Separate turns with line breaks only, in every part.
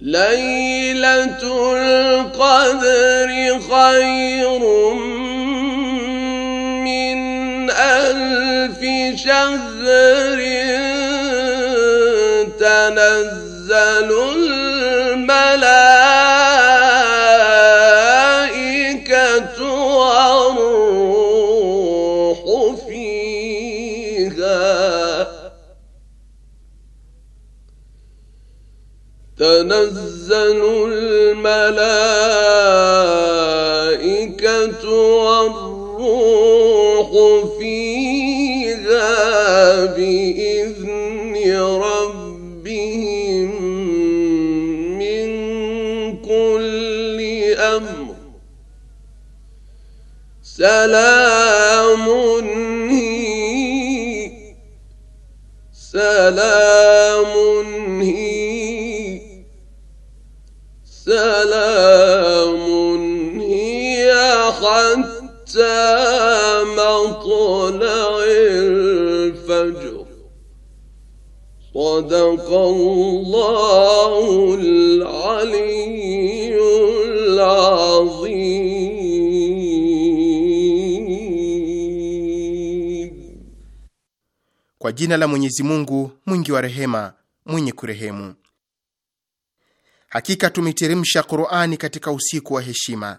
ليلة القدر خير من ألف شهر تنزل تنزل الملائكة والروح فيها بإذن ربهم من كل أمر سلام سلام حتى مطلع الفجر صدق الله العلي
Kwa jina la Mwenyezi Mungu mwingi wa rehema mwenye kurehemu. Hakika tumeteremsha Qur'ani katika usiku wa heshima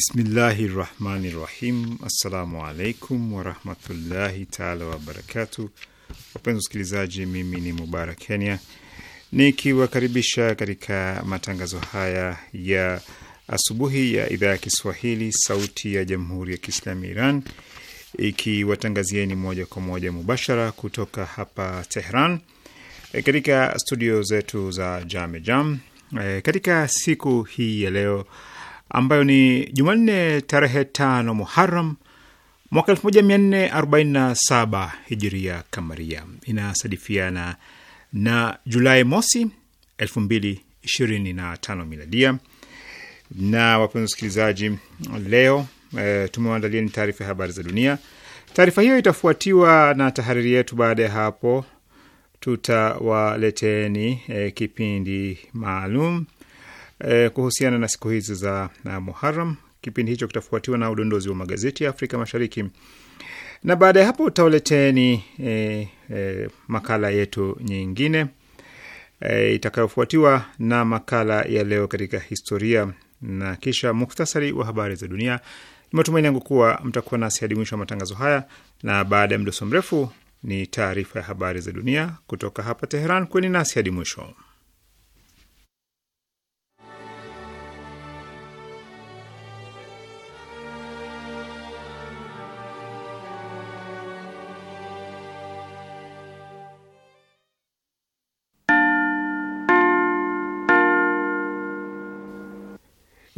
Bismillahi rahmani rahim. Assalamu alaikum warahmatullahi taala wabarakatu. Wapenzi wasikilizaji, mimi ni Mubarak Kenya nikiwakaribisha katika matangazo haya ya asubuhi ya idhaa ya Kiswahili sauti ya jamhuri ya Kiislami ya Iran ikiwatangazieni moja kwa moja mubashara kutoka hapa Tehran e, katika studio zetu za Jamejam Jam. E, katika siku hii ya leo ambayo ni Jumanne tarehe tano Muharam mwaka 1447 hijiria kamaria, inasadifiana na Julai mosi tano miladia. Na wapenzi wasikilizaji, leo e, eh, tumewaandalia ni taarifa ya habari za dunia. Taarifa hiyo itafuatiwa na tahariri yetu. Baada ya hapo, tutawaleteni e, kipindi maalum eh, kuhusiana na siku hizi za eh, Muharram. Kipindi hicho kitafuatiwa na udondozi wa magazeti ya Afrika Mashariki, na baada ya hapo utawaleteni eh, eh, makala yetu nyingine eh, itakayofuatiwa na makala ya leo katika historia na kisha muktasari wa habari za dunia. Ni matumaini yangu kuwa mtakuwa nasi hadi mwisho wa matangazo haya, na baada ya mdoso mrefu ni taarifa ya habari za dunia kutoka hapa Teheran. Kweni nasi hadi mwisho.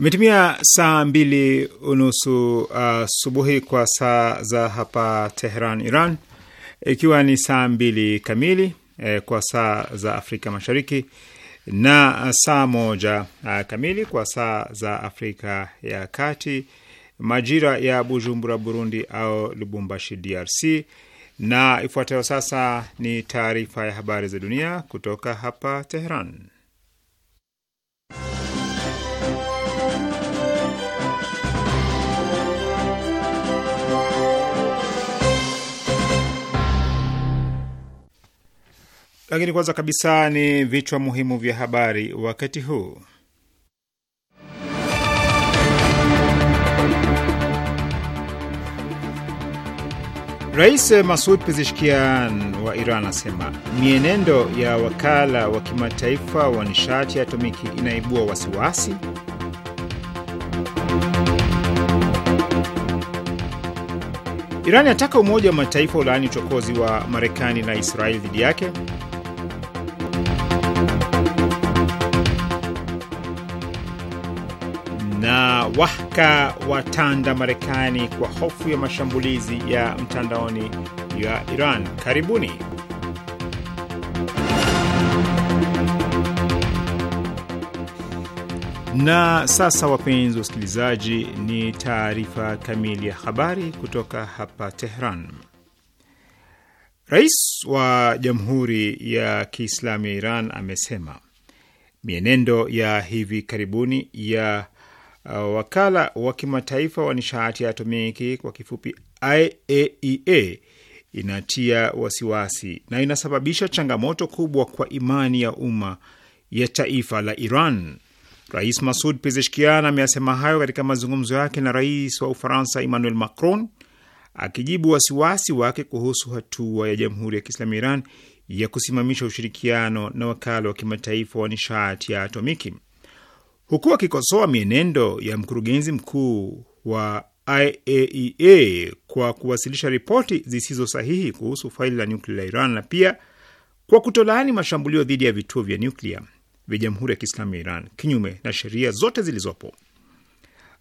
Imetimia saa mbili unusu asubuhi uh, kwa saa za hapa Teheran, Iran, ikiwa ni saa mbili kamili eh, kwa saa za Afrika Mashariki na saa moja uh, kamili kwa saa za Afrika ya Kati, majira ya Bujumbura, Burundi, au Lubumbashi, DRC. Na ifuatayo sasa ni taarifa ya habari za dunia kutoka hapa Teheran. Lakini kwanza kabisa ni vichwa muhimu vya habari wakati huu. Rais Masud Pezeshkian wa Iran asema mienendo ya wakala wa kimataifa wa nishati ya atomiki inaibua wasiwasi. Iran yataka Umoja wa Mataifa ulaani uchokozi wa Marekani na Israeli dhidi yake. wahka watanda Marekani kwa hofu ya mashambulizi ya mtandaoni ya Iran. Karibuni. Na sasa, wapenzi wa usikilizaji, ni taarifa kamili ya habari kutoka hapa Tehran. Rais wa Jamhuri ya Kiislamu ya Iran amesema mienendo ya hivi karibuni ya Uh, wakala wa kimataifa wa nishati ya atomiki kwa kifupi IAEA e inatia wasiwasi na inasababisha changamoto kubwa kwa imani ya umma ya taifa la Iran. Rais Masud Pezeshkian ameyasema hayo katika mazungumzo yake na rais wa Ufaransa Emmanuel Macron, akijibu wasiwasi wake kuhusu hatua ya Jamhuri ya Kiislamu Iran ya kusimamisha ushirikiano na wakala wa kimataifa wa nishati ya atomiki huku akikosoa mienendo ya mkurugenzi mkuu wa IAEA e kwa kuwasilisha ripoti zisizo sahihi kuhusu faili la nyuklia la Iran na pia kwa kutolaani mashambulio dhidi ya vituo vya nyuklia vya Jamhuri ya Kiislamu ya Iran kinyume na sheria zote zilizopo.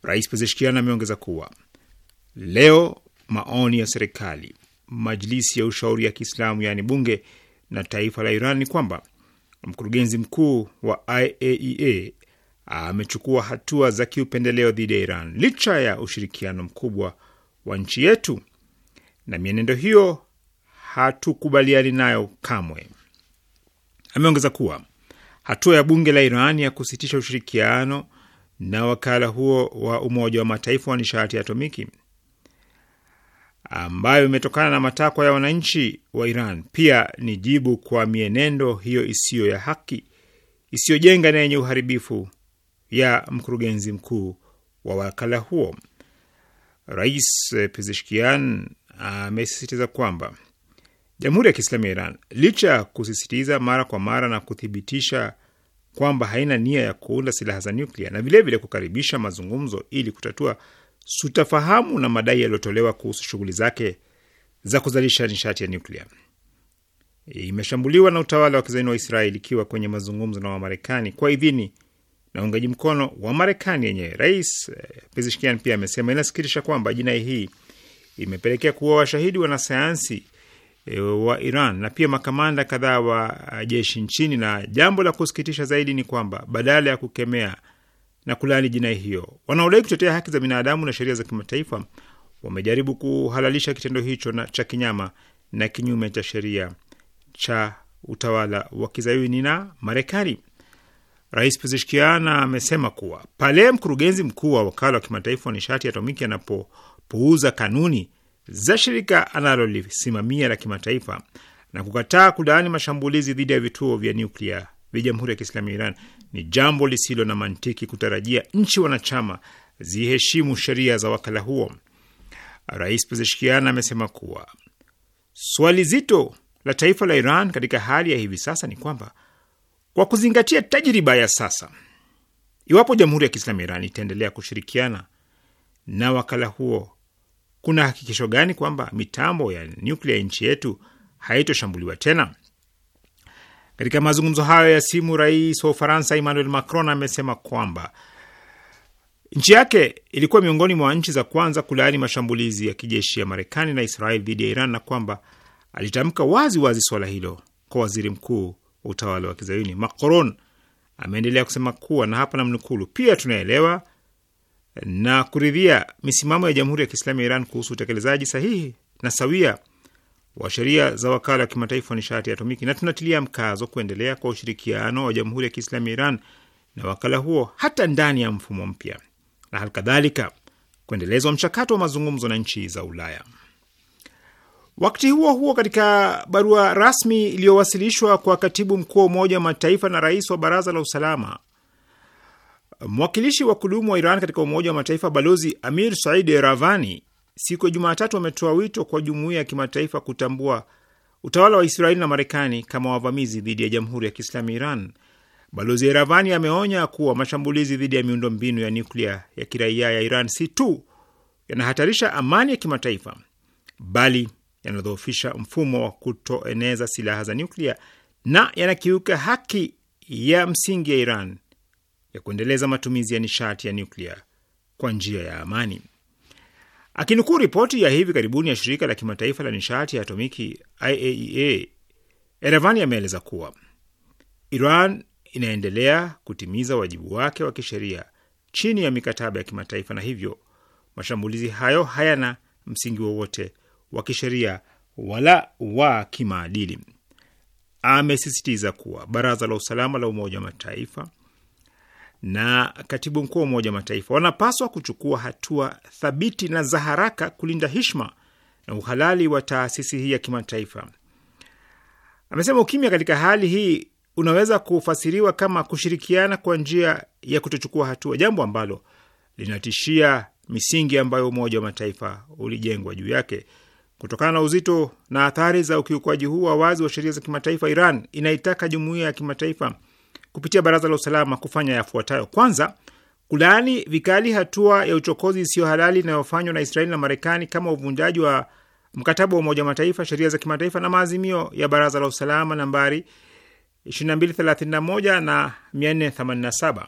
Rais Pezeshkian ameongeza kuwa leo maoni ya serikali, majlisi ya ushauri ya Kiislamu yaani bunge na taifa la Iran ni kwamba mkurugenzi mkuu wa IAEA e amechukua hatua za kiupendeleo dhidi ya Iran licha ya ushirikiano mkubwa wa nchi yetu, na mienendo hiyo hatukubaliani nayo kamwe. Ameongeza kuwa hatua ya bunge la Iran ya kusitisha ushirikiano na wakala huo wa Umoja wa Mataifa wa nishati ya atomiki ambayo imetokana na matakwa ya wananchi wa Iran pia ni jibu kwa mienendo hiyo isiyo ya haki, isiyojenga na yenye uharibifu ya mkurugenzi mkuu wa wakala huo. Rais eh, Pezeshkian amesisitiza kwamba Jamhuri ya Kiislamu ya Iran licha ya kusisitiza mara kwa mara na kuthibitisha kwamba haina nia ya kuunda silaha za nyuklia na vilevile vile kukaribisha mazungumzo ili kutatua sutafahamu na madai yaliyotolewa kuhusu shughuli zake za kuzalisha nishati ya nyuklia, imeshambuliwa na utawala wa kizaini wa Israeli ikiwa kwenye mazungumzo na Wamarekani kwa idhini na uungaji mkono wa Marekani yenye rais eh, Pezeshkian pia amesema inasikitisha kwamba jinai hii imepelekea kuwa washahidi wanasayansi eh, wa Iran na pia makamanda kadhaa wa eh, jeshi nchini, na jambo la kusikitisha zaidi ni kwamba badala ya kukemea na kulaani jinai hiyo, wanaodai kutetea haki za binadamu na sheria za kimataifa wamejaribu kuhalalisha kitendo hicho na cha kinyama na kinyume cha sheria cha utawala wa kizayuni na Marekani. Rais Pezeshkiana amesema kuwa pale mkurugenzi mkuu wa wakala wa kimataifa wa nishati ya atomiki anapopuuza kanuni za shirika analolisimamia la kimataifa na kukataa kulaani mashambulizi dhidi ya vituo vya nyuklia vya Jamhuri ya Kiislamu ya Iran, ni jambo lisilo na mantiki kutarajia nchi wanachama ziheshimu sheria za wakala huo. Rais Pezeshkian amesema kuwa swali zito la taifa la Iran katika hali ya hivi sasa ni kwamba kwa kuzingatia tajriba ya sasa, iwapo Jamhuri ya Kiislamu ya Iran itaendelea kushirikiana na wakala huo, kuna hakikisho gani kwamba mitambo ya nyuklia ya nchi yetu haitoshambuliwa tena? Katika mazungumzo hayo ya simu, rais wa Ufaransa Emmanuel Macron amesema kwamba nchi yake ilikuwa miongoni mwa nchi za kwanza kulaani mashambulizi ya kijeshi ya Marekani na israel dhidi ya Iran na kwamba alitamka wazi wazi swala hilo kwa waziri mkuu utawala wa kizayuni. Macron ameendelea kusema kuwa, na hapa namnukulu, pia tunaelewa na kuridhia misimamo ya Jamhuri ya Kiislamu ya Iran kuhusu utekelezaji sahihi na sawia wa sheria za wakala wa kimataifa wa nishati ya atomiki na tunatilia mkazo kuendelea kwa ushirikiano wa Jamhuri ya Kiislamu ya Iran na wakala huo hata ndani ya mfumo mpya na halikadhalika kuendelezwa mchakato wa mazungumzo na nchi za Ulaya. Wakati huo huo, katika barua rasmi iliyowasilishwa kwa katibu mkuu wa Umoja wa Mataifa na rais wa Baraza la Usalama, mwakilishi wa kudumu wa Iran katika Umoja wa Mataifa Balozi Amir Said Ravani siku ya Jumatatu ametoa wito kwa jumuiya ya kimataifa kutambua utawala wa Israeli na Marekani kama wavamizi dhidi ya Jamhuri ya Kiislamu Iran. Balozi Ravani ameonya kuwa mashambulizi dhidi ya miundo mbinu ya nyuklia ya kiraia ya Iran si tu yanahatarisha amani ya kimataifa bali yanadhoofisha mfumo wa kutoeneza silaha za nyuklia na yanakiuka haki ya msingi ya Iran ya kuendeleza matumizi ya nishati ya nyuklia kwa njia ya amani. Akinukuu ripoti ya hivi karibuni ya shirika la kimataifa la nishati ya atomiki IAEA, Eravani ameeleza kuwa Iran inaendelea kutimiza wajibu wake wa kisheria chini ya mikataba ya kimataifa na hivyo mashambulizi hayo hayana msingi wowote wa kisheria wala wa kimaadili. Amesisitiza kuwa Baraza la Usalama la Umoja wa Mataifa na katibu mkuu wa Umoja wa Mataifa wanapaswa kuchukua hatua thabiti na za haraka kulinda heshima na uhalali wa taasisi hii ya kimataifa. Amesema ukimya katika hali hii unaweza kufasiriwa kama kushirikiana kwa njia ya kutochukua hatua, jambo ambalo linatishia misingi ambayo Umoja wa Mataifa ulijengwa juu yake. Kutokana na uzito na athari za ukiukwaji huu wa wazi wa sheria za kimataifa, Iran inaitaka jumuiya ya kimataifa kupitia baraza la usalama kufanya yafuatayo: kwanza, kulaani vikali hatua ya uchokozi isiyo halali inayofanywa na Israeli na Marekani kama uvunjaji wa mkataba wa Umoja Mataifa, sheria za kimataifa na maazimio ya baraza la usalama nambari 2231 na 487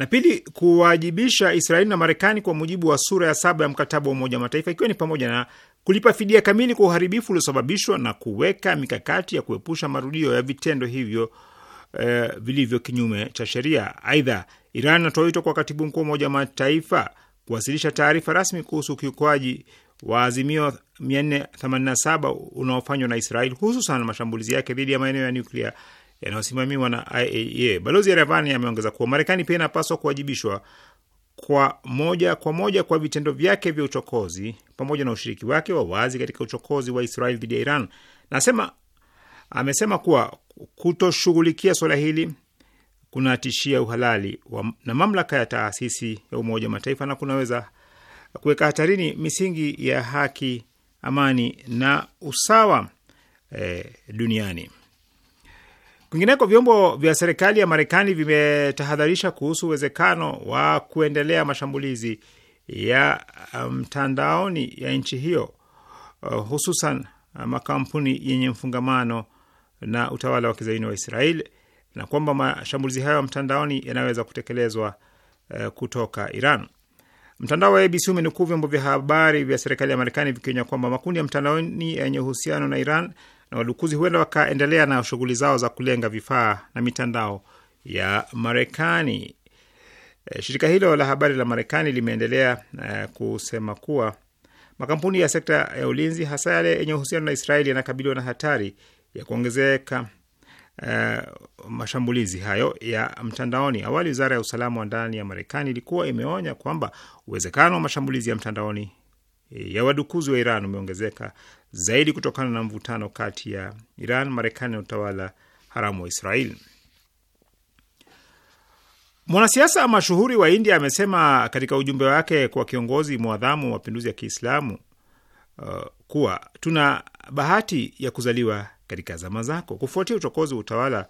na pili, kuwajibisha Israeli na Marekani kwa mujibu wa sura ya saba ya mkataba wa Umoja wa Mataifa, ikiwa ni pamoja na kulipa fidia kamili kwa uharibifu uliosababishwa na kuweka mikakati ya kuepusha marudio ya vitendo hivyo eh, vilivyo kinyume cha sheria. Aidha, Iran inatoa wito kwa katibu mkuu wa Umoja wa Mataifa kuwasilisha taarifa rasmi kuhusu ukiukwaji wa azimio 487 unaofanywa na Israeli, hususan mashambulizi yake dhidi ya maeneo ya nuklia yanayosimamiwa na IAEA. E. Balozi Eravani ameongeza kuwa Marekani pia inapaswa kuwajibishwa kwa moja kwa moja kwa vitendo vyake vya uchokozi pamoja na ushiriki wake wa wazi katika uchokozi wa Israel dhidi ya Iran. Nasema amesema kuwa kutoshughulikia suala hili kunatishia uhalali wa, na mamlaka ya taasisi ya Umoja wa Mataifa na kunaweza kuweka hatarini misingi ya haki, amani na usawa eh, duniani. Kwingineko, vyombo vya serikali ya Marekani vimetahadharisha kuhusu uwezekano wa kuendelea mashambulizi ya um, mtandaoni um, ya nchi hiyo uh, hususan uh, makampuni yenye mfungamano na utawala wa kizaini wa israel na kwamba mashambulizi hayo ya mtandaoni yanaweza kutekelezwa uh, kutoka Iran. Mtandao wa ABC umenukuu vyombo vya habari vya serikali ya Marekani vikionya kwamba makundi ya mtandaoni yenye uhusiano na Iran na wadukuzi huenda wakaendelea na shughuli zao za kulenga vifaa na mitandao ya Marekani. Eh, shirika hilo la habari la Marekani limeendelea uh, kusema kuwa makampuni ya sekta ya ulinzi hasa yale yenye uhusiano na Israeli yanakabiliwa na hatari ya kuongezeka uh, mashambulizi hayo ya mtandaoni. Awali, wizara ya usalama wa ndani ya Marekani ilikuwa imeonya kwamba uwezekano wa mashambulizi ya mtandaoni ya wadukuzi wa Iran umeongezeka zaidi kutokana na mvutano kati ya Iran, Marekani na utawala haramu wa Israeli. Mwanasiasa mashuhuri wa India amesema katika ujumbe wake kwa kiongozi mwadhamu wa mapinduzi ya Kiislamu uh, kuwa tuna bahati ya kuzaliwa katika zama zako. Kufuatia uchokozi wa utawala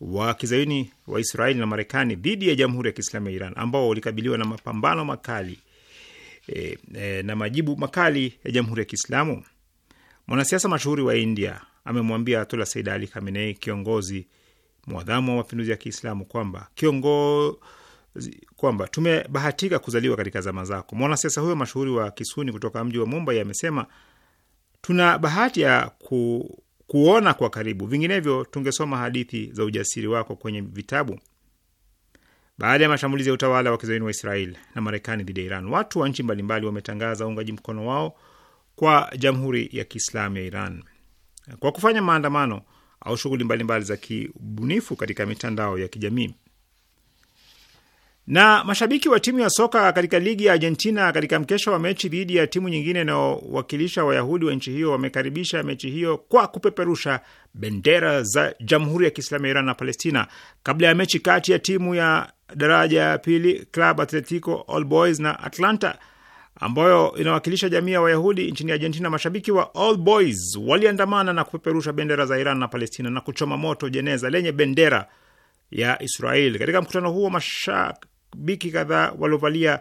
wa kizayuni wa Israeli na Marekani dhidi ya Jamhuri ya Kiislamu ya Iran ambao walikabiliwa na mapambano makali e, e, na majibu makali ya Jamhuri ya Kiislamu, Mwanasiasa mashuhuri wa India amemwambia Atula Said Ali Khamenei, kiongozi mwadhamu wa mapinduzi ya Kiislamu, kwamba kiongozi kwamba tumebahatika kuzaliwa katika zama zako. Mwanasiasa huyo mashuhuri wa Kisuni kutoka mji wa Mumbai amesema tuna bahati ya ku, kuona kwa karibu, vinginevyo tungesoma hadithi za ujasiri wako kwenye vitabu. Baada ya mashambulizi ya utawala wa kizayuni wa Israel na Marekani dhidi ya Iran, watu wa nchi mbalimbali wametangaza uungaji mkono wao kwa Jamhuri ya Kiislamu ya Iran kwa kufanya maandamano au shughuli mbalimbali za kibunifu katika mitandao ya kijamii. Na mashabiki wa timu ya soka katika ligi ya Argentina katika mkesha wa mechi dhidi ya timu nyingine inayowakilisha Wayahudi wa nchi hiyo wamekaribisha mechi hiyo kwa kupeperusha bendera za Jamhuri ya Kiislamu ya Iran na Palestina kabla ya mechi kati ya timu ya daraja ya pili Club Atletico All Boys na Atlanta ambayo inawakilisha jamii ya Wayahudi nchini Argentina, mashabiki wa All Boys waliandamana na kupeperusha bendera za Iran na Palestina na kuchoma moto jeneza lenye bendera ya Israeli. Katika mkutano huo, mashabiki kadhaa waliovalia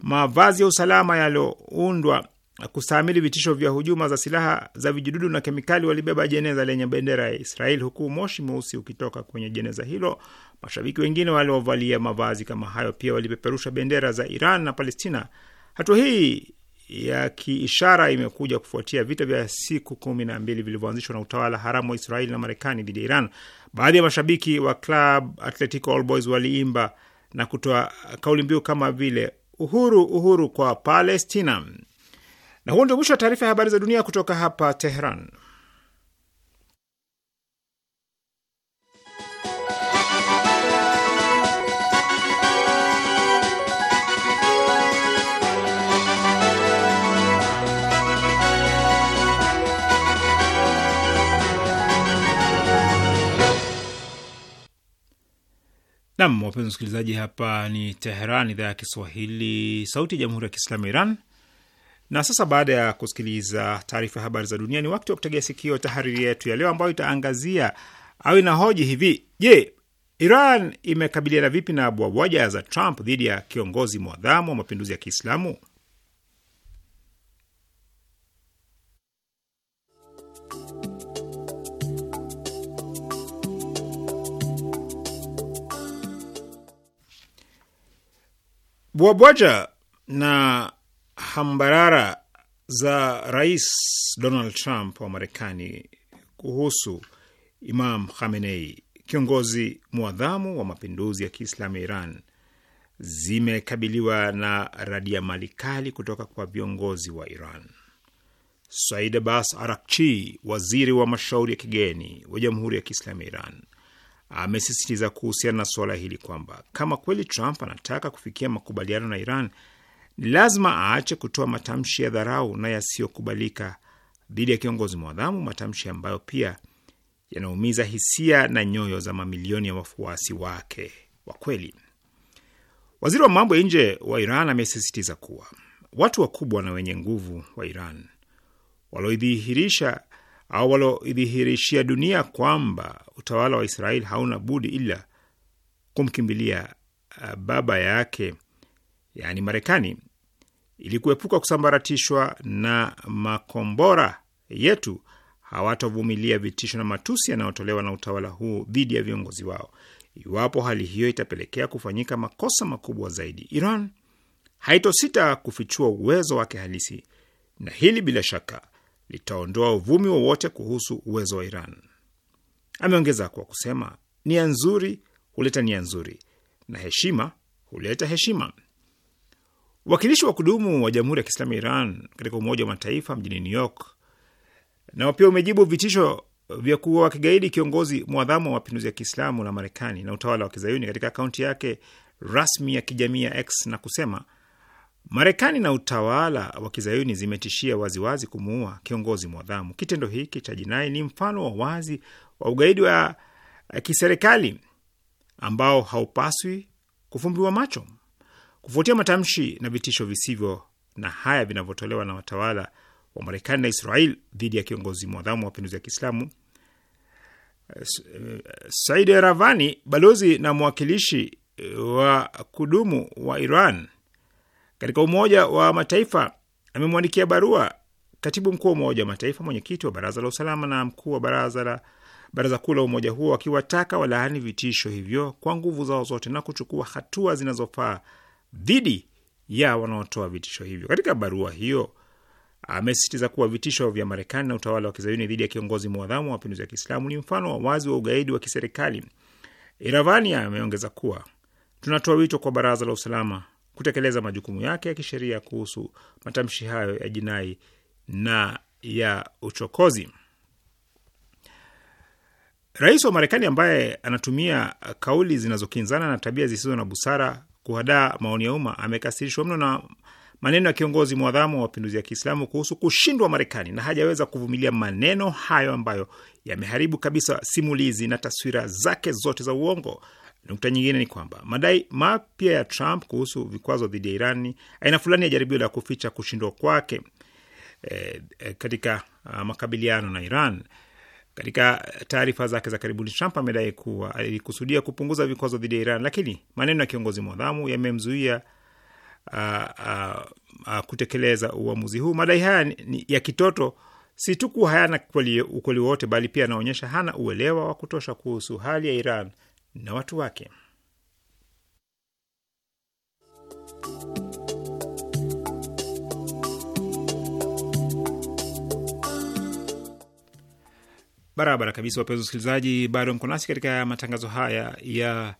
mavazi ya usalama yaliyoundwa kustahamili vitisho vya hujuma za silaha za vijidudu na kemikali walibeba jeneza lenye bendera ya Israeli huku moshi mweusi ukitoka kwenye jeneza hilo. Mashabiki wengine waliovalia mavazi kama hayo pia walipeperusha bendera za Iran na Palestina Hatua hii ya kiishara imekuja kufuatia vita vya siku kumi na mbili vilivyoanzishwa na utawala haramu wa Israeli na Marekani dhidi ya Iran. Baadhi ya mashabiki wa Club Atletico All Boys waliimba na kutoa kauli mbiu kama vile uhuru uhuru kwa Palestina. Na huo ndio mwisho wa taarifa ya habari za dunia kutoka hapa Tehran. Nam, wapenzi msikilizaji, hapa ni Teheran, idhaa ya Kiswahili, sauti ya jamhuri ya kiislamu ya Iran. Na sasa baada ya kusikiliza taarifa ya habari za dunia, ni wakati wa kutegea sikio tahariri yetu ya leo ambayo itaangazia au inahoji hivi: Je, Iran imekabiliana vipi na bwabwaja za Trump dhidi ya kiongozi mwadhamu wa mapinduzi ya Kiislamu? Bwabwaja na hambarara za Rais Donald Trump wa Marekani kuhusu Imam Khamenei, kiongozi mwadhamu wa mapinduzi ya Kiislamu ya Iran, zimekabiliwa na mali kali kutoka kwa viongozi wa Iran. Said Abbas Arakchi, waziri wa mashauri ya kigeni wa Jamhuri ya Kiislamu ya Iran, amesisitiza kuhusiana na suala hili kwamba kama kweli Trump anataka kufikia makubaliano na Iran ni lazima aache kutoa matamshi ya dharau na yasiyokubalika dhidi ya kiongozi mwadhamu, matamshi ambayo pia yanaumiza hisia na nyoyo za mamilioni ya wafuasi wake wa kweli. Waziri wa mambo ya nje wa Iran amesisitiza kuwa watu wakubwa na wenye nguvu wa Iran walioidhihirisha au walioidhihirishia dunia kwamba utawala wa Israeli hauna budi ila kumkimbilia uh, baba yake, yaani Marekani, ili kuepuka kusambaratishwa na makombora yetu, hawatovumilia vitisho na matusi yanayotolewa na utawala huu dhidi ya viongozi wao. Iwapo hali hiyo itapelekea kufanyika makosa makubwa zaidi, Iran haitosita kufichua uwezo wake halisi, na hili bila shaka litaondoa uvumi wowote kuhusu uwezo wa Iran. Ameongeza kwa kusema, nia nzuri huleta nia nzuri na heshima huleta heshima. Wakilishi wa kudumu wa Jamhuri ya Kiislamu ya Iran katika Umoja wa Mataifa mjini New York nao pia umejibu vitisho vya kuwa kigaidi kiongozi mwadhamu wa mapinduzi ya Kiislamu na Marekani na utawala wa kizayuni katika akaunti yake rasmi ya kijamii ya X na kusema Marekani na utawala wa kizayuni zimetishia waziwazi kumuua kiongozi mwadhamu. Kitendo hiki cha jinai ni mfano wa wazi wa ugaidi wa kiserikali ambao haupaswi kufumbiwa macho. Kufuatia matamshi na vitisho visivyo na haya vinavyotolewa na watawala wa Marekani na Israel dhidi ya kiongozi mwadhamu wa mapinduzi ya Kiislamu eh, Said Eravani, balozi na mwakilishi wa kudumu wa Iran katika Umoja wa Mataifa amemwandikia barua katibu mkuu wa Umoja wa Mataifa, mwenyekiti wa Baraza la Usalama na mkuu wa baraza la baraza kuu la umoja huo akiwataka walaani vitisho hivyo kwa nguvu zao zote na kuchukua hatua zinazofaa dhidi ya wanaotoa vitisho hivyo. Katika barua hiyo amesisitiza kuwa vitisho vya Marekani na utawala wa kizayuni dhidi ya kiongozi mwadhamu wa mapinduzi ya Kiislamu ni mfano wa wazi wa ugaidi wa kiserikali. Iravani ameongeza kuwa tunatoa wito kwa baraza la usalama kutekeleza majukumu yake ya kisheria kuhusu matamshi hayo ya jinai na ya uchokozi. Rais wa Marekani ambaye anatumia kauli zinazokinzana na tabia zisizo na busara kuhadaa maoni ya umma amekasirishwa mno na maneno ya kiongozi mwadhamu wa mapinduzi ya Kiislamu kuhusu kushindwa Marekani na hajaweza kuvumilia maneno hayo ambayo yameharibu kabisa simulizi na taswira zake zote za uongo. Nukta nyingine ni kwamba madai mapya ya Trump kuhusu vikwazo dhidi ya Irani aina fulani ya jaribio la kuficha kushindwa kwake e, e, katika a, ah, makabiliano na Iran. Katika taarifa zake za karibuni, Trump amedai kuwa alikusudia kupunguza vikwazo dhidi ya Iran, lakini maneno ya kiongozi mwadhamu yamemzuia ah, ah, kutekeleza uamuzi huu. Madai haya ya kitoto si tu kuwa hayana ukweli wowote, bali pia anaonyesha hana uelewa wa kutosha kuhusu hali ya Iran na watu wake. Barabara kabisa, wapenzi wasikilizaji, bado mko nasi katika matangazo haya ya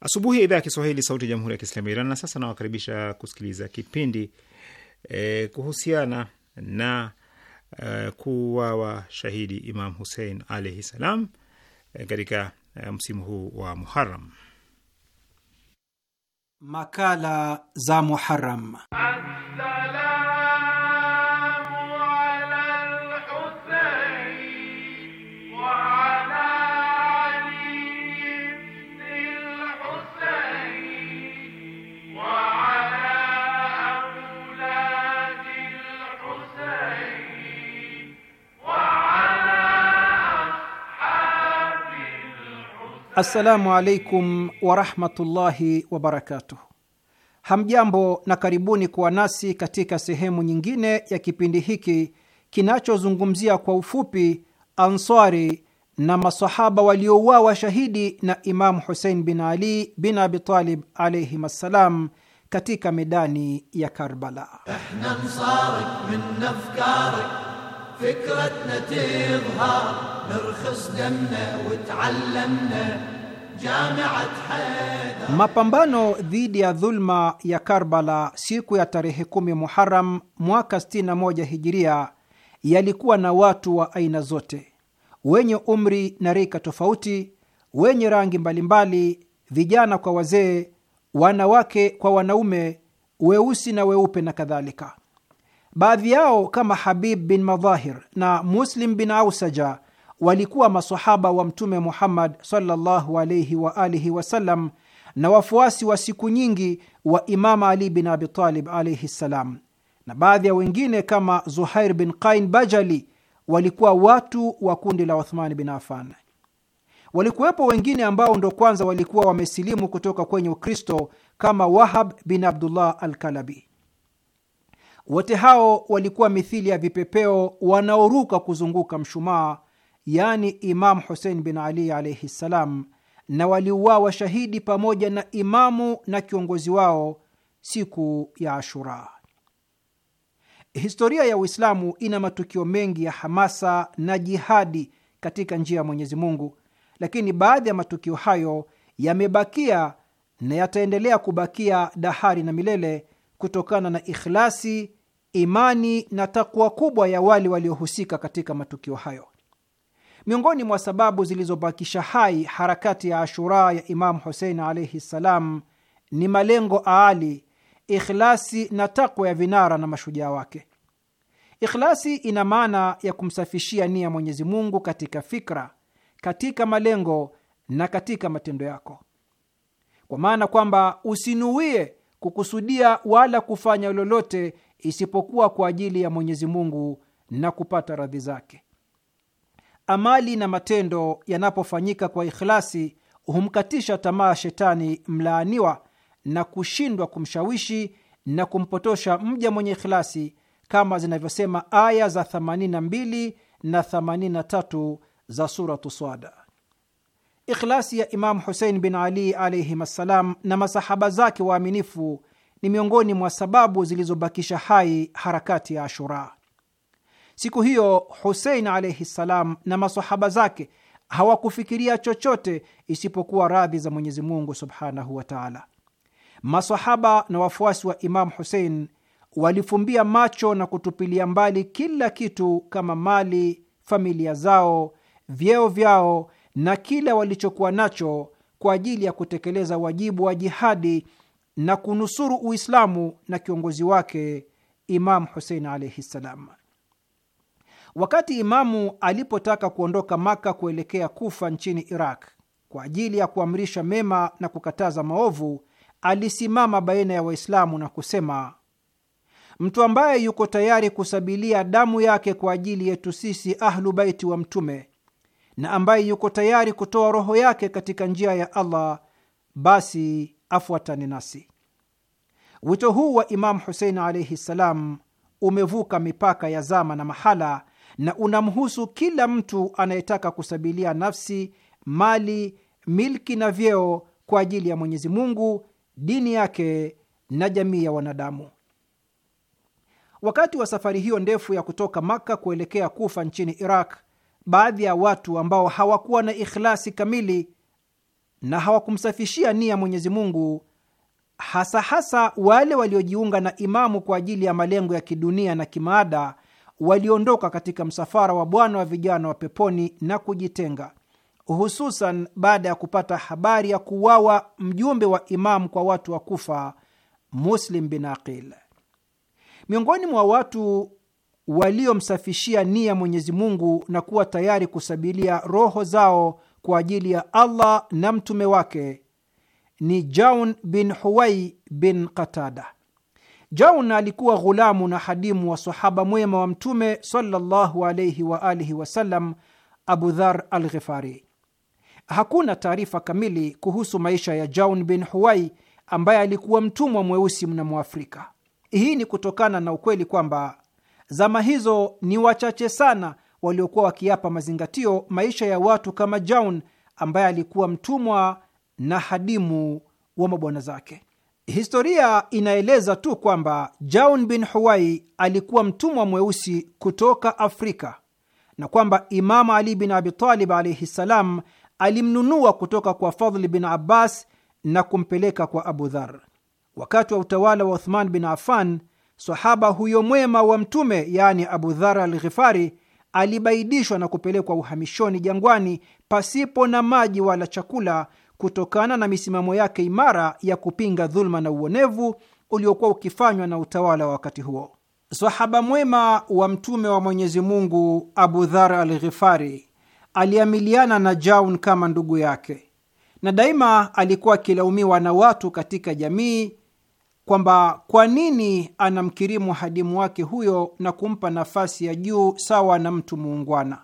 asubuhi ya idhaa ya Kiswahili, Sauti ya Jamhuri ya Kiislamu ya Iran. Na sasa nawakaribisha kusikiliza kipindi eh, kuhusiana na eh, kuwawa shahidi Imam husein alaihi salam eh, katika Eh, msimu huu wa Muharam.
Makala za Muharam. Assalamu alaikum warahmatullahi wabarakatuh. Hamjambo na karibuni kuwa nasi katika sehemu nyingine ya kipindi hiki kinachozungumzia kwa ufupi Ansari na masahaba waliouawa shahidi na Imamu Husein bin Ali bin Abitalib alaihim assalam katika medani ya Karbala. Mapambano dhidi ya dhulma ya Karbala siku ya tarehe kumi Muharam mwaka 61 hijiria yalikuwa na watu wa aina zote, wenye umri na rika tofauti, wenye rangi mbalimbali, vijana kwa wazee, wanawake kwa wanaume, weusi na weupe na kadhalika. Baadhi yao kama Habib bin Madhahir na Muslim bin Ausaja walikuwa masahaba wa Mtume Muhammad sallallahu alaihi wa alihi wasallam na wafuasi wa siku nyingi wa Imama Ali bin Abitalib alaihi ssalam, na baadhi ya wengine kama Zuhair bin Qain Bajali walikuwa watu wa kundi la uthman bin Afan. Walikuwepo wengine ambao ndo kwanza walikuwa wamesilimu kutoka kwenye Ukristo kama Wahab bin Abdullah Alkalabi. Wote hao walikuwa mithili ya vipepeo wanaoruka kuzunguka mshumaa yaani Imamu Husein bin Ali alaihi ssalam, na waliuawa shahidi pamoja na imamu na kiongozi wao siku ya Ashura. Historia ya Uislamu ina matukio mengi ya hamasa na jihadi katika njia ya Mwenyezi Mungu, lakini baadhi ya matukio hayo yamebakia na yataendelea kubakia dahari na milele kutokana na ikhlasi, imani na takwa kubwa ya wale waliohusika katika matukio hayo. Miongoni mwa sababu zilizobakisha hai harakati ya Ashura ya Imamu Husein alaihi ssalam ni malengo aali, ikhlasi na takwa ya vinara na mashujaa wake. Ikhlasi ina maana ya kumsafishia nia Mwenyezi Mungu katika fikra, katika malengo na katika matendo yako, kwa maana kwamba usinuie kukusudia wala kufanya lolote isipokuwa kwa ajili ya Mwenyezi Mungu na kupata radhi zake. Amali na matendo yanapofanyika kwa ikhlasi humkatisha tamaa shetani mlaaniwa na kushindwa kumshawishi na kumpotosha mja mwenye ikhlasi kama zinavyosema aya za 82 na 83 za Suratu Swada. Ikhlasi ya Imamu Husein bin Ali alaihim assalam na masahaba zake waaminifu ni miongoni mwa sababu zilizobakisha hai harakati ya Ashura. Siku hiyo Husein alaihi ssalam na masahaba zake hawakufikiria chochote isipokuwa radhi za Mwenyezi Mungu subhanahu wa taala. Masahaba na wafuasi wa Imamu Husein walifumbia macho na kutupilia mbali kila kitu kama mali, familia zao, vyeo vyao na kila walichokuwa nacho kwa ajili ya kutekeleza wajibu wa jihadi na kunusuru Uislamu na kiongozi wake Imamu Husein alaihi ssalam. Wakati Imamu alipotaka kuondoka Maka kuelekea Kufa nchini Iraq kwa ajili ya kuamrisha mema na kukataza maovu, alisimama baina ya Waislamu na kusema, mtu ambaye yuko tayari kusabilia damu yake kwa ajili yetu sisi Ahlu Baiti wa Mtume na ambaye yuko tayari kutoa roho yake katika njia ya Allah basi afuatane nasi. Wito huu wa Imamu Husein alaihi ssalam umevuka mipaka ya zama na mahala na unamhusu kila mtu anayetaka kusabilia nafsi, mali, milki na vyeo kwa ajili ya Mwenyezi Mungu, dini yake na jamii ya wanadamu. Wakati wa safari hiyo ndefu ya kutoka Makka kuelekea Kufa nchini Iraq, baadhi ya watu ambao hawakuwa na ikhlasi kamili na hawakumsafishia nia Mwenyezi Mungu, hasa hasa wale waliojiunga na Imamu kwa ajili ya malengo ya kidunia na kimaada waliondoka katika msafara wa Bwana wa vijana wa peponi na kujitenga, hususan baada ya kupata habari ya kuuawa mjumbe wa Imamu kwa watu wa Kufa, Muslim bin Aqil. Miongoni mwa watu waliomsafishia nia Mwenyezi Mungu na kuwa tayari kusabilia roho zao kwa ajili ya Allah na mtume wake ni Jaun bin Huwai bin Qatada. Jauna alikuwa ghulamu na hadimu wa sahaba mwema wa Mtume sallallahu alayhi wa alihi wasallam, Abu Dhar al Ghifari. Hakuna taarifa kamili kuhusu maisha ya Jaun bin Huwai ambaye alikuwa mtumwa mweusi mna Mwafrika. Hii ni kutokana na ukweli kwamba zama hizo ni wachache sana waliokuwa wakiapa mazingatio maisha ya watu kama Jaun ambaye alikuwa mtumwa na hadimu wa mabwana zake. Historia inaeleza tu kwamba Jaun bin Huwai alikuwa mtumwa mweusi kutoka Afrika na kwamba Imamu Ali bin Abitalib alaihi ssalam alimnunua kutoka kwa Fadhli bin Abbas na kumpeleka kwa Abu Dhar. Wakati wa utawala wa Uthman bin Affan, sahaba huyo mwema wa Mtume, yaani Abu Dhar al Ghifari, alibaidishwa na kupelekwa uhamishoni jangwani pasipo na maji wala chakula kutokana na misimamo yake imara ya kupinga dhuluma na uonevu uliokuwa ukifanywa na utawala wa wakati huo. Sahaba mwema wa Mtume wa Mwenyezi Mungu Abu Dhar al Ghifari aliamiliana na Jaun kama ndugu yake, na daima alikuwa akilaumiwa na watu katika jamii kwamba kwa nini anamkirimu hadimu wake huyo na kumpa nafasi ya juu sawa na mtu muungwana.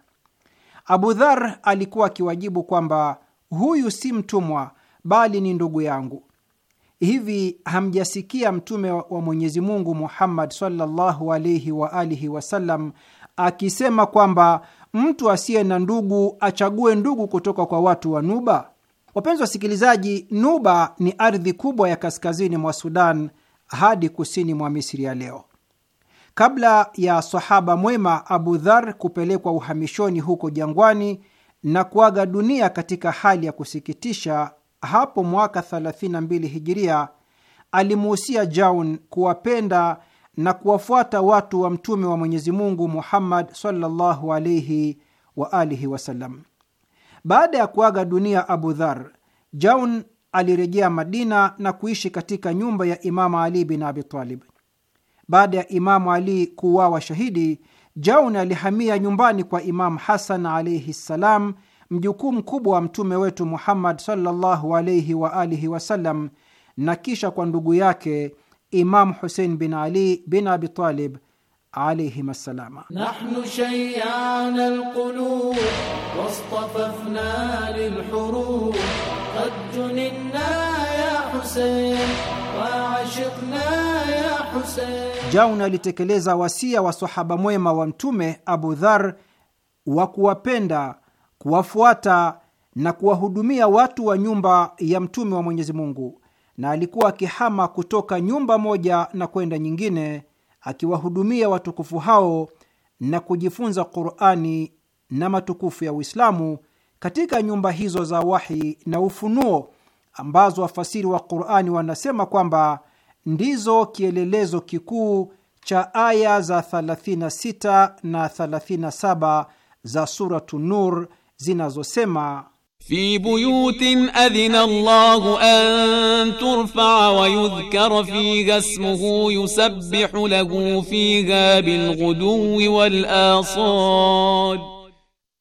Abu Dhar alikuwa akiwajibu kwamba huyu si mtumwa bali ni ndugu yangu. Hivi hamjasikia Mtume wa Mwenyezi Mungu Muhammad sallallahu alaihi wa alihi wasallam akisema kwamba mtu asiye na ndugu achague ndugu kutoka kwa watu wa Nuba? Wapenzi wasikilizaji, Nuba ni ardhi kubwa ya kaskazini mwa Sudan hadi kusini mwa Misri ya leo. Kabla ya sahaba mwema Abu Dhar kupelekwa uhamishoni huko jangwani na kuaga dunia katika hali ya kusikitisha hapo mwaka 32 hijiria, alimuhusia Jaun kuwapenda na kuwafuata watu wa mtume wa Mwenyezi Mungu Muhammad sallallahu alaihi wa alihi wasallam. Baada ya kuaga dunia Abu Dhar, Jaun alirejea Madina na kuishi katika nyumba ya Imamu Ali bin Abi Talib. Baada ya Imamu Ali kuuawa shahidi, Jaun alihamia nyumbani kwa Imamu Hasan alaihi ssalam, mjukuu mkubwa wa mtume wetu Muhammad sallallahu alaihi alihi wasallam, na kisha kwa ndugu yake Imamu Husein bin Ali bin Abitalib alaihim
Nahnu shayana lqulub
lilhurub Jauna alitekeleza wasia wa sahaba mwema wa Mtume Abu Dhar wa kuwapenda, kuwafuata na kuwahudumia watu wa nyumba ya Mtume wa Mwenyezi Mungu, na alikuwa akihama kutoka nyumba moja na kwenda nyingine akiwahudumia watukufu hao na kujifunza Qurani na matukufu ya Uislamu katika nyumba hizo za wahi na ufunuo ambazo wafasiri wa Qurani wanasema kwamba ndizo kielelezo kikuu cha aya za 36 na 37 za Suratu Nur zinazosema
fi buyutin adhina Allahu an turfaa wa yudhkara fiha ismuhu yusabbihu lahu fiha bilghuduwi wal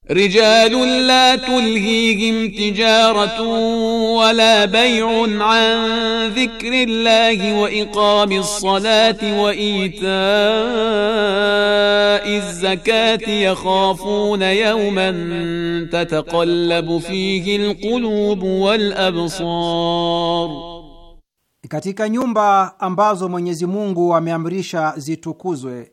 rijalun la tulhihim tijaratun wala bay'un an dhikrillahi wa iqamis salati wa ita'iz zakati yakhafuna yawman tataqallabu fihi alqulub
katika nyumba ambazo Mwenyezi Mungu ameamrisha zitukuzwe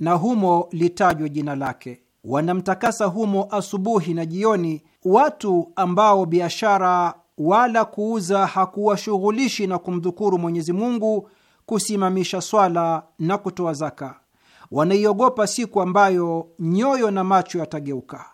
na humo litajwe jina lake wanamtakasa humo asubuhi na jioni, watu ambao biashara wala kuuza hakuwashughulishi na kumdhukuru Mwenyezi Mungu, kusimamisha swala na kutoa zaka. Wanaiogopa siku ambayo nyoyo na macho yatageuka.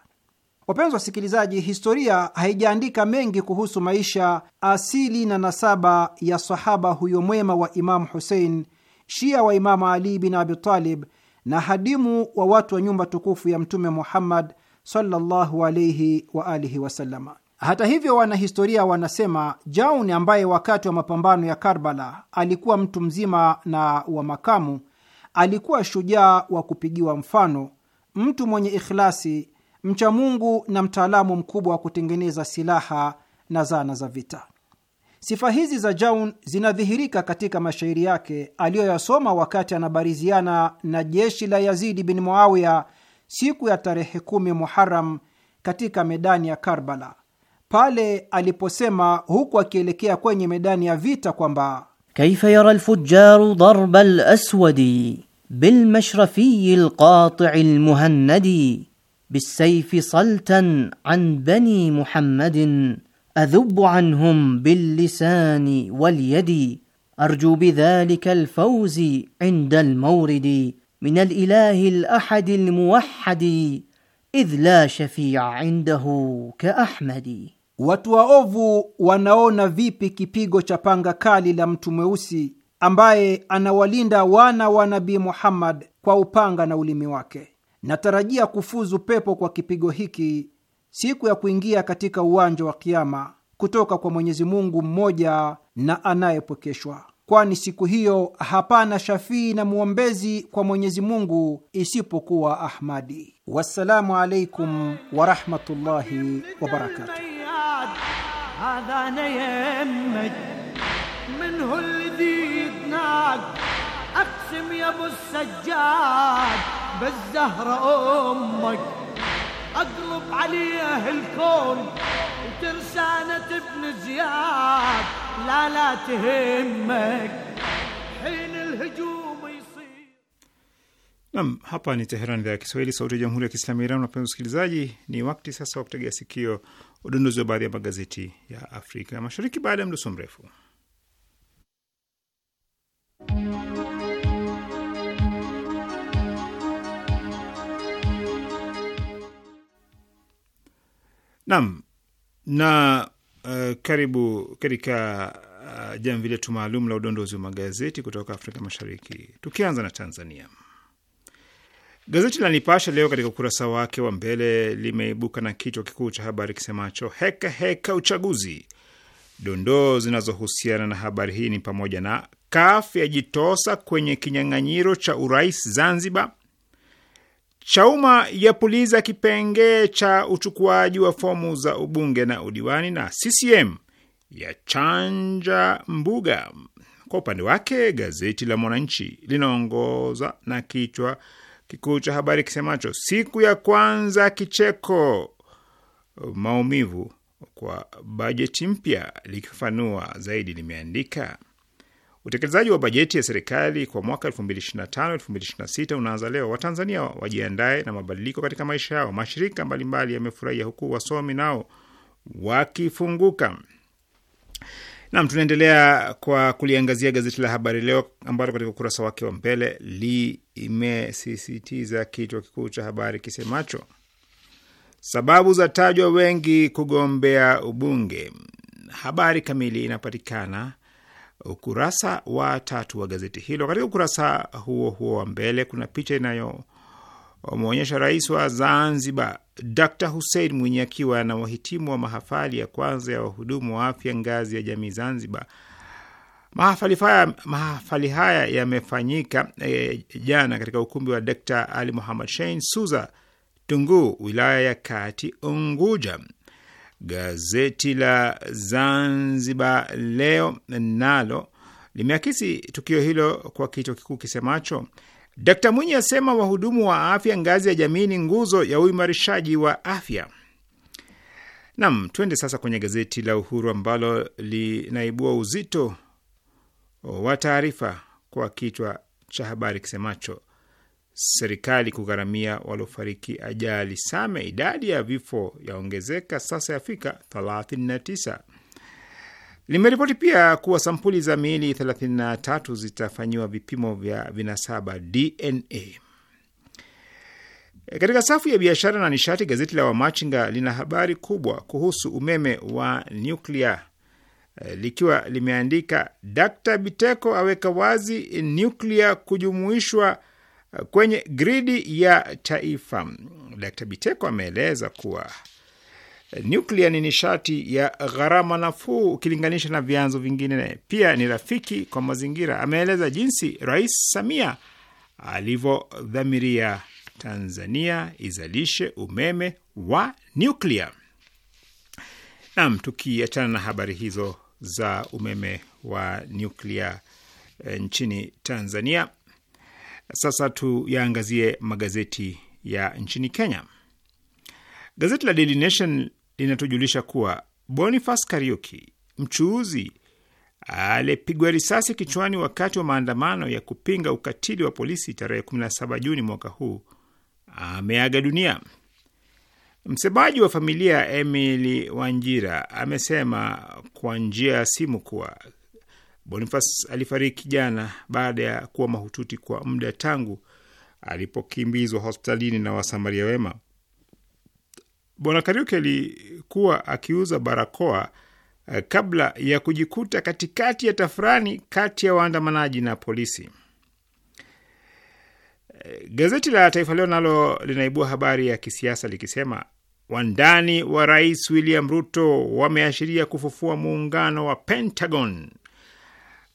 Wapenzi wasikilizaji, historia haijaandika mengi kuhusu maisha, asili na nasaba ya sahaba huyo mwema wa Imamu Husein, shia wa Imamu Ali bin Abi Talib na hadimu wa watu wa nyumba tukufu ya Mtume Muhammad sallallahu alaihi wa alihi wasallama. Hata hivyo, wanahistoria wanasema Jaun, ambaye wakati wa mapambano ya Karbala alikuwa mtu mzima na wa makamu, alikuwa shujaa wa kupigiwa mfano, mtu mwenye ikhlasi, mcha Mungu na mtaalamu mkubwa wa kutengeneza silaha na zana za vita. Sifa hizi za Jaun zinadhihirika katika mashairi yake aliyoyasoma wakati anabariziana na jeshi la Yazidi bin Muawiya siku ya tarehe kumi Muharam katika medani ya Karbala, pale aliposema huku akielekea kwenye medani ya vita kwamba kaifa yara lfujaru darba laswadi bilmashrafiyi lqatii lmuhannadi bisaifi saltan an bani muhammadin اذب عنهم باللسان واليد arju بذلك الفوز عند المورد من الاله الاحد الموحد idh la shafia indahu ka Watu waovu wanaona vipi kipigo cha panga kali la mtu mweusi ambaye anawalinda wana wa Nabii Muhammad kwa upanga na ulimi wake. Natarajia kufuzu pepo kwa kipigo hiki siku ya kuingia katika uwanja wa Kiama kutoka kwa Mwenyezi Mungu mmoja na anayepwekeshwa, kwani siku hiyo hapana shafii na mwombezi kwa Mwenyezi Mungu isipokuwa Ahmadi. Wassalamu alaikum warahmatullahi wabarakatuh.
اقلب اهل كون وترسانة ابن زياد لا لا تهمك حين الهجوم
Nam, hapa ni Teheran, idhaa ya Kiswahili, sauti ya jamhuri ya kiislamu ya Iran. Wapenzi wasikilizaji, ni wakati sasa wa kutegea sikio udondozi wa baadhi ya magazeti ya Afrika Mashariki baada ya mdoso mrefu Naam, na uh, karibu katika uh, jamvi letu maalum la udondozi wa magazeti kutoka Afrika Mashariki, tukianza na Tanzania. Gazeti la Nipasha leo katika ukurasa wake wa mbele limeibuka na kichwa kikuu cha habari kisemacho heka heka uchaguzi. Dondoo zinazohusiana na habari hii ni pamoja na kafu yajitosa kwenye kinyang'anyiro cha urais Zanzibar, Chauma yapuliza kipengee cha uchukuaji wa fomu za ubunge na udiwani, na CCM yachanja mbuga. Kwa upande wake gazeti la Mwananchi linaongoza na kichwa kikuu cha habari kisemacho siku ya kwanza kicheko, maumivu kwa bajeti mpya. Likifafanua zaidi limeandika Utekelezaji wa bajeti ya serikali kwa mwaka 2025/2026 unaanza leo. Watanzania wajiandae na mabadiliko katika maisha yao. Mashirika mbalimbali yamefurahia huku wasomi nao wakifunguka. Nam, tunaendelea kwa kuliangazia gazeti la Habari Leo ambalo katika ukurasa wake wa mbele limesisitiza kichwa kikuu cha habari kisemacho sababu za tajwa wengi kugombea ubunge. Habari kamili inapatikana ukurasa wa tatu wa gazeti hilo. Katika ukurasa huo huo wa mbele kuna picha inayomwonyesha rais wa Zanzibar Dr Hussein Mwinyi akiwa na wahitimu wa mahafali ya kwanza ya wahudumu wa afya ngazi ya jamii Zanzibar. Mahafali haya, mahafali haya yamefanyika e, jana katika ukumbi wa Dr Ali Muhammad Shein Suza Tunguu, wilaya ya Kati, Unguja. Gazeti la Zanzibar Leo nalo limeakisi tukio hilo kwa kichwa kikuu kisemacho Dkt Mwinyi asema wahudumu wa afya ngazi ya jamii ni nguzo ya uimarishaji wa afya. Nam, tuende sasa kwenye gazeti la Uhuru ambalo linaibua uzito wa taarifa kwa kichwa cha habari kisemacho serikali kugharamia waliofariki ajali. Same idadi ya vifo yaongezeka sasa yafika 39. Limeripoti pia kuwa sampuli za miili 33 zitafanyiwa vipimo vya vinasaba DNA. Katika safu ya biashara na nishati, gazeti la Wamachinga lina habari kubwa kuhusu umeme wa nyuklia eh, likiwa limeandika Dkt Biteko aweka wazi nyuklia kujumuishwa kwenye gridi ya taifa. Dkt Biteko ameeleza kuwa nyuklia ni nishati ya gharama nafuu ukilinganisha na vyanzo vingine, pia ni rafiki kwa mazingira. Ameeleza jinsi Rais Samia alivyodhamiria Tanzania izalishe umeme wa nyuklia. Nam, tukiachana na habari hizo za umeme wa nyuklia e, eh, nchini Tanzania sasa tuyaangazie magazeti ya nchini Kenya. Gazeti la Daily Nation linatujulisha kuwa Boniface Kariuki, mchuuzi alipigwa risasi kichwani wakati wa maandamano ya kupinga ukatili wa polisi tarehe 17 Juni mwaka huu, ameaga dunia. Msemaji wa familia Emily Wanjira amesema kwa njia ya simu kuwa Bonifas alifariki jana baada ya kuwa mahututi kwa muda tangu alipokimbizwa hospitalini na wasamaria wema. Bwana Kariuki alikuwa akiuza barakoa eh, kabla ya kujikuta katikati ya tafurani kati ya waandamanaji na polisi. Eh, gazeti la Taifa Leo nalo linaibua habari ya kisiasa likisema wandani wa rais William Ruto wameashiria kufufua muungano wa Pentagon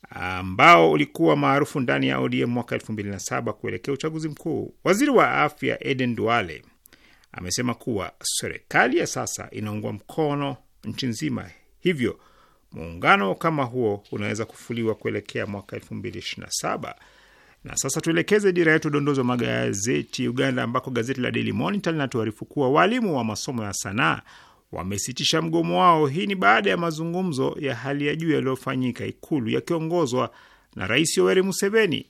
ambao ulikuwa maarufu ndani ya ODM mwaka 2007 kuelekea uchaguzi mkuu. Waziri wa afya Eden Duale amesema kuwa serikali ya sasa inaungwa mkono nchi nzima, hivyo muungano kama huo unaweza kufuliwa kuelekea mwaka 2027. Na sasa tuelekeze dira yetu dondozi wa magazeti Uganda, ambako gazeti la Daily Monitor linatuarifu kuwa walimu wa masomo ya sanaa wamesitisha mgomo wao. Hii ni baada ya mazungumzo ya hali ya juu yaliyofanyika Ikulu yakiongozwa na Rais Yoweri Museveni.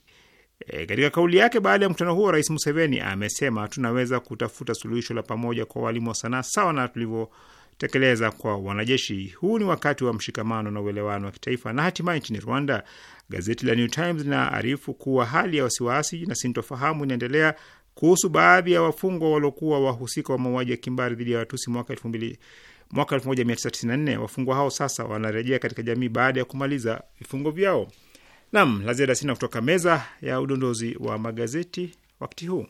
E, katika kauli yake baada ya mkutano huo, Rais Museveni amesema tunaweza kutafuta suluhisho la pamoja kwa walimu wa sanaa sawa na tulivyotekeleza kwa wanajeshi. Huu ni wakati wa mshikamano na uelewano wa kitaifa. Na hatimaye nchini Rwanda, gazeti la New Times linaarifu kuwa hali ya wasiwasi na sintofahamu inaendelea kuhusu baadhi ya wafungwa waliokuwa wahusika wa mauaji ya kimbari dhidi ya Watusi mwaka mbili mwaka 1994. Wafungwa hao sasa wanarejea katika jamii baada ya kumaliza vifungo vyao. Nam la ziada sina kutoka meza ya udondozi wa magazeti wakati huu.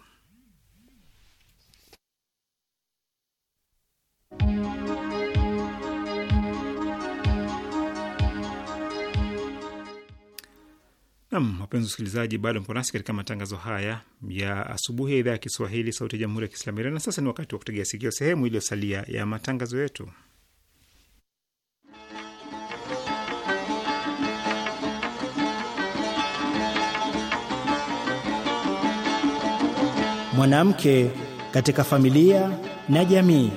Nam, wapenzi wasikilizaji, bado mpo nasi katika matangazo haya ya asubuhi ya idhaa ya Kiswahili, sauti ya jamhuri ya kiislamu Iran. Na sasa ni wakati wa kutegea sikio sehemu iliyosalia ya matangazo yetu. Mwanamke katika familia na jamii.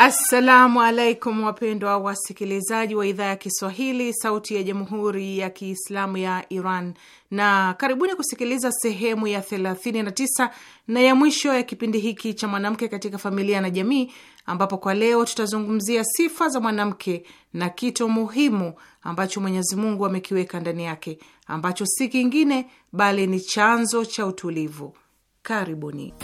Assalamu alaikum wapendwa wasikilizaji wa idhaa ya Kiswahili sauti ya jamhuri ya Kiislamu ya Iran, na karibuni kusikiliza sehemu ya 39 na ya mwisho ya kipindi hiki cha mwanamke katika familia na jamii, ambapo kwa leo tutazungumzia sifa za mwanamke na kito muhimu ambacho Mwenyezi Mungu amekiweka ndani yake ambacho si kingine bali ni chanzo cha utulivu. Karibuni.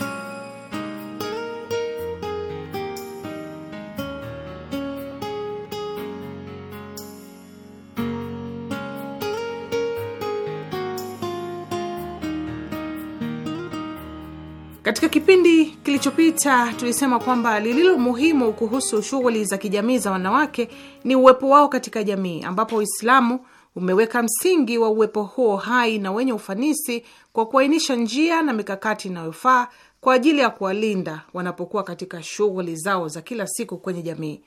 Katika kipindi kilichopita tulisema kwamba lililo muhimu kuhusu shughuli za kijamii za wanawake ni uwepo wao katika jamii, ambapo Uislamu umeweka msingi wa uwepo huo hai na wenye ufanisi kwa kuainisha njia na mikakati inayofaa kwa ajili ya kuwalinda wanapokuwa katika shughuli zao za kila siku kwenye jamii.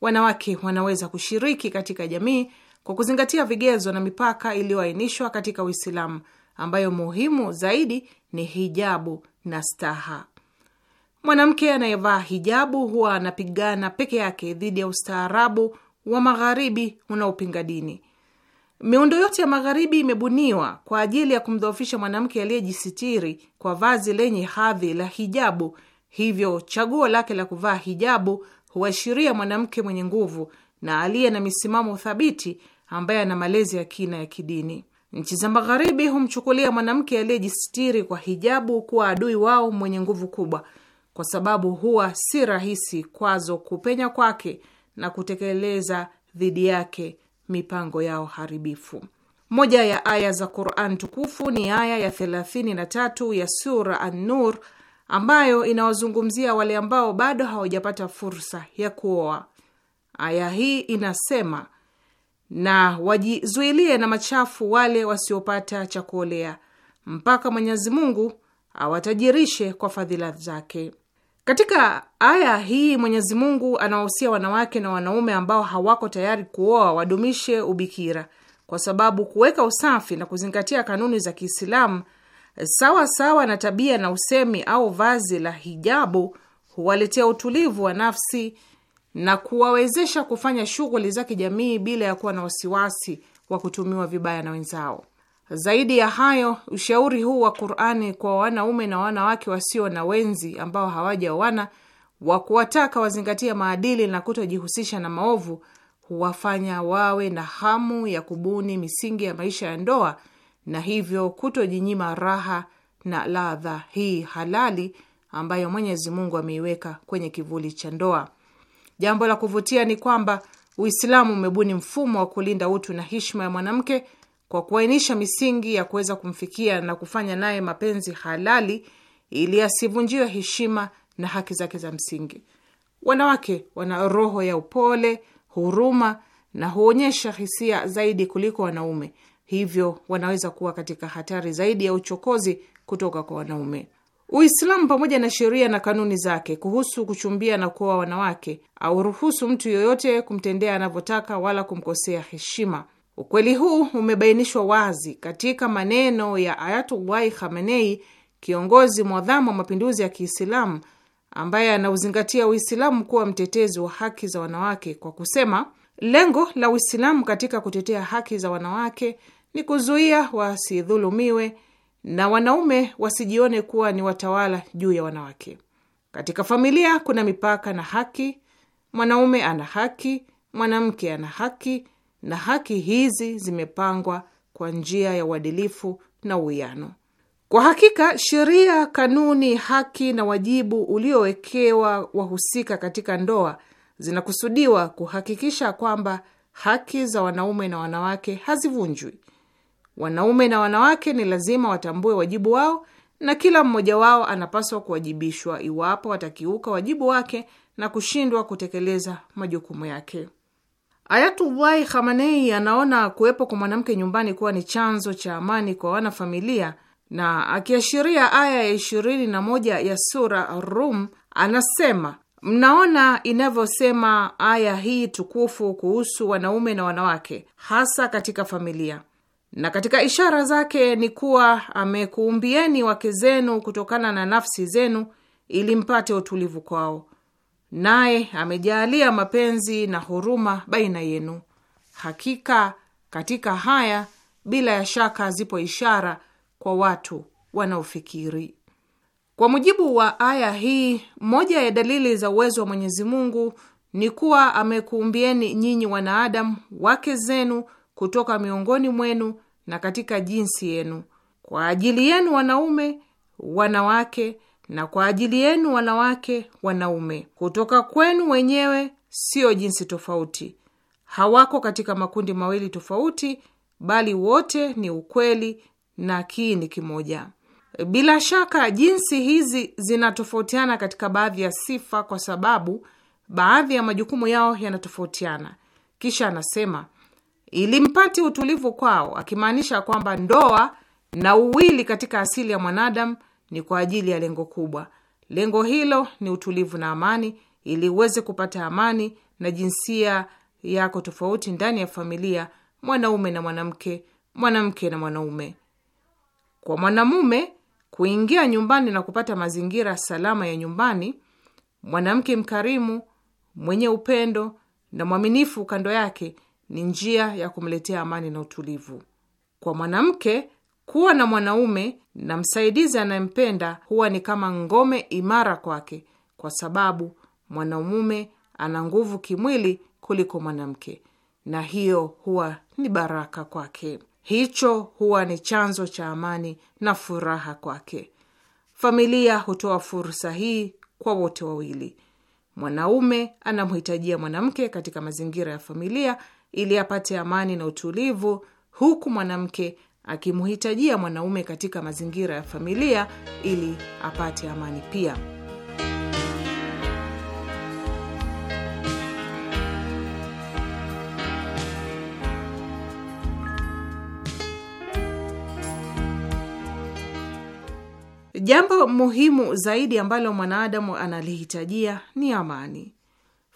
Wanawake wanaweza kushiriki katika jamii kwa kuzingatia vigezo na mipaka iliyoainishwa katika Uislamu, ambayo muhimu zaidi ni hijabu na staha. Mwanamke anayevaa hijabu huwa anapigana peke yake dhidi ya ustaarabu wa magharibi unaopinga dini. Miundo yote ya magharibi imebuniwa kwa ajili ya kumdhoofisha mwanamke aliyejisitiri kwa vazi lenye hadhi la hijabu. Hivyo chaguo lake la kuvaa hijabu huashiria mwanamke mwenye nguvu na aliye na misimamo thabiti ambaye ana malezi ya kina ya kidini. Nchi za Magharibi humchukulia mwanamke aliyejistiri kwa hijabu kuwa adui wao mwenye nguvu kubwa, kwa sababu huwa si rahisi kwazo kupenya kwake na kutekeleza dhidi yake mipango yao haribifu. Moja ya aya za Quran tukufu ni aya ya 33 ya sura An-Nur ambayo inawazungumzia wale ambao bado hawajapata fursa ya kuoa. Aya hii inasema na wajizuilie na machafu wale wasiopata cha kuolea mpaka Mwenyezi Mungu awatajirishe kwa fadhila zake. Katika aya hii Mwenyezi Mungu anawahusia wanawake na wanaume ambao hawako tayari kuoa wadumishe ubikira, kwa sababu kuweka usafi na kuzingatia kanuni za Kiislamu sawa sawa na tabia na usemi au vazi la hijabu huwaletea utulivu wa nafsi na kuwawezesha kufanya shughuli za kijamii bila ya kuwa na wasiwasi wa kutumiwa vibaya na wenzao. Zaidi ya hayo, ushauri huu wa Qur'ani kwa wanaume na wanawake wasio na wenzi ambao hawajaoana wa kuwataka wazingatia maadili na kutojihusisha na maovu huwafanya wawe na hamu ya kubuni misingi ya maisha ya ndoa na hivyo kutojinyima raha na ladha hii halali ambayo Mwenyezi Mungu ameiweka kwenye kivuli cha ndoa. Jambo la kuvutia ni kwamba Uislamu umebuni mfumo wa kulinda utu na heshima ya mwanamke kwa kuainisha misingi ya kuweza kumfikia na kufanya naye mapenzi halali ili asivunjiwe heshima na haki zake za msingi. Wanawake wana roho ya upole, huruma na huonyesha hisia zaidi kuliko wanaume, hivyo wanaweza kuwa katika hatari zaidi ya uchokozi kutoka kwa wanaume. Uislamu pamoja na sheria na kanuni zake kuhusu kuchumbia na kuoa wanawake auruhusu mtu yoyote kumtendea anavyotaka wala kumkosea heshima. Ukweli huu umebainishwa wazi katika maneno ya Ayatullahi Khamenei, kiongozi mwadhamu wa mapinduzi ya Kiislamu ambaye anauzingatia Uislamu kuwa mtetezi wa haki za wanawake kwa kusema, lengo la Uislamu katika kutetea haki za wanawake ni kuzuia wasidhulumiwe na wanaume wasijione kuwa ni watawala juu ya wanawake. Katika familia kuna mipaka na haki. Mwanaume ana haki, mwanamke ana haki, na haki hizi zimepangwa kwa njia ya uadilifu na uwiano. Kwa hakika, sheria, kanuni, haki na wajibu uliowekewa wahusika katika ndoa zinakusudiwa kuhakikisha kwamba haki za wanaume na wanawake hazivunjwi Wanaume na wanawake ni lazima watambue wajibu wao na kila mmoja wao anapaswa kuwajibishwa iwapo watakiuka wajibu wake na kushindwa kutekeleza majukumu yake. Ayatullahi Khamenei anaona kuwepo kwa mwanamke nyumbani kuwa ni chanzo cha amani kwa wanafamilia, na akiashiria aya ya ishirini na moja ya sura Rum anasema, mnaona inavyosema aya hii tukufu kuhusu wanaume na wanawake, hasa katika familia na katika ishara zake ni kuwa amekuumbieni wake zenu kutokana na nafsi zenu ili mpate utulivu kwao, naye amejaalia mapenzi na huruma baina yenu. Hakika katika haya bila ya shaka zipo ishara kwa watu wanaofikiri. Kwa mujibu wa aya hii, moja ya dalili za uwezo wa Mwenyezi Mungu ni kuwa amekuumbieni nyinyi wanaadamu wake zenu kutoka miongoni mwenu na katika jinsi yenu, kwa ajili yenu wanaume wanawake, na kwa ajili yenu wanawake wanaume, kutoka kwenu wenyewe, siyo jinsi tofauti. Hawako katika makundi mawili tofauti, bali wote ni ukweli na kiini kimoja. Bila shaka jinsi hizi zinatofautiana katika baadhi ya sifa, kwa sababu baadhi ya majukumu yao yanatofautiana. Kisha anasema ilimpati utulivu kwao, akimaanisha kwamba ndoa na uwili katika asili ya mwanadamu ni kwa ajili ya lengo kubwa. Lengo hilo ni utulivu na amani, ili uweze kupata amani na jinsia yako tofauti ndani ya familia, mwanaume na mwanamke, mwanamke na mwanaume. Kwa mwanamume kuingia nyumbani na kupata mazingira salama ya nyumbani, mwanamke mkarimu, mwenye upendo na mwaminifu kando yake ni njia ya kumletea amani na utulivu. Kwa mwanamke, kuwa na mwanaume na msaidizi anayempenda huwa ni kama ngome imara kwake, kwa sababu mwanamume ana nguvu kimwili kuliko mwanamke, na hiyo huwa ni baraka kwake. Hicho huwa ni chanzo cha amani na furaha kwake. Familia hutoa fursa hii kwa wote wawili. Mwanaume anamhitajia mwanamke katika mazingira ya familia ili apate amani na utulivu, huku mwanamke akimhitajia mwanaume katika mazingira ya familia ili apate amani pia. Jambo muhimu zaidi ambalo mwanadamu analihitajia ni amani.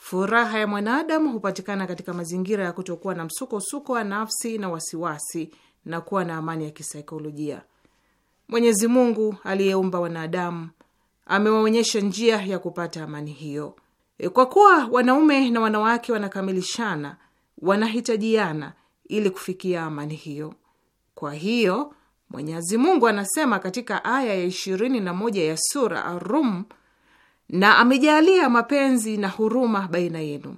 Furaha ya mwanadamu hupatikana katika mazingira ya kutokuwa na msukosuko wa nafsi na wasiwasi na kuwa na amani ya kisaikolojia. Mwenyezi Mungu aliyeumba wanadamu amewaonyesha njia ya kupata amani hiyo. E, kwa kuwa wanaume na wanawake wanakamilishana, wanahitajiana ili kufikia amani hiyo. Kwa hiyo Mwenyezi Mungu anasema katika aya ya ishirini na moja ya sura Arum na amejaalia mapenzi na huruma baina yenu.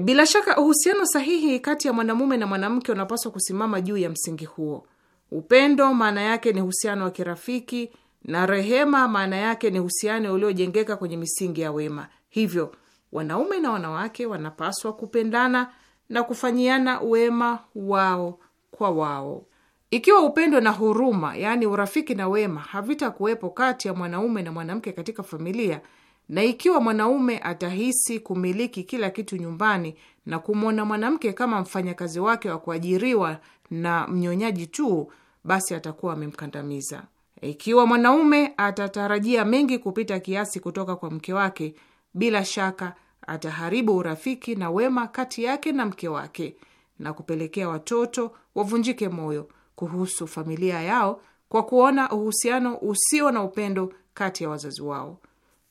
Bila shaka uhusiano sahihi kati ya mwanamume na mwanamke unapaswa kusimama juu ya msingi huo. Upendo maana yake ni uhusiano wa kirafiki, na rehema maana yake ni uhusiano uliojengeka kwenye misingi ya wema. Hivyo wanaume na wanawake wanapaswa kupendana na kufanyiana wema wao kwa wao. Ikiwa upendo na huruma, yaani urafiki na wema, havitakuwepo kati ya mwanaume na mwanamke katika familia, na ikiwa mwanaume atahisi kumiliki kila kitu nyumbani na kumwona mwanamke kama mfanyakazi wake wa kuajiriwa na mnyonyaji tu, basi atakuwa amemkandamiza. Ikiwa mwanaume atatarajia mengi kupita kiasi kutoka kwa mke wake, bila shaka ataharibu urafiki na wema kati yake na mke wake na kupelekea watoto wavunjike moyo kuhusu familia yao kwa kuona uhusiano usio na upendo kati ya wazazi wao.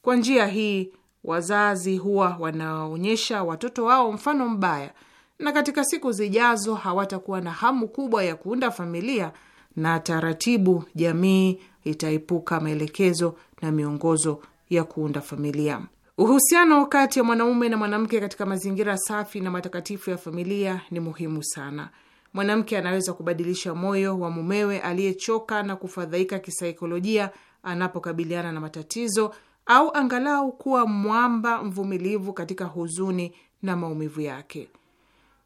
Kwa njia hii wazazi huwa wanaonyesha watoto wao mfano mbaya, na katika siku zijazo hawatakuwa na hamu kubwa ya kuunda familia, na taratibu jamii itaepuka maelekezo na miongozo ya kuunda familia. Uhusiano kati ya mwanaume na mwanamke katika mazingira safi na matakatifu ya familia ni muhimu sana. Mwanamke anaweza kubadilisha moyo wa mumewe aliyechoka na kufadhaika kisaikolojia anapokabiliana na matatizo au angalau kuwa mwamba mvumilivu katika huzuni na maumivu yake.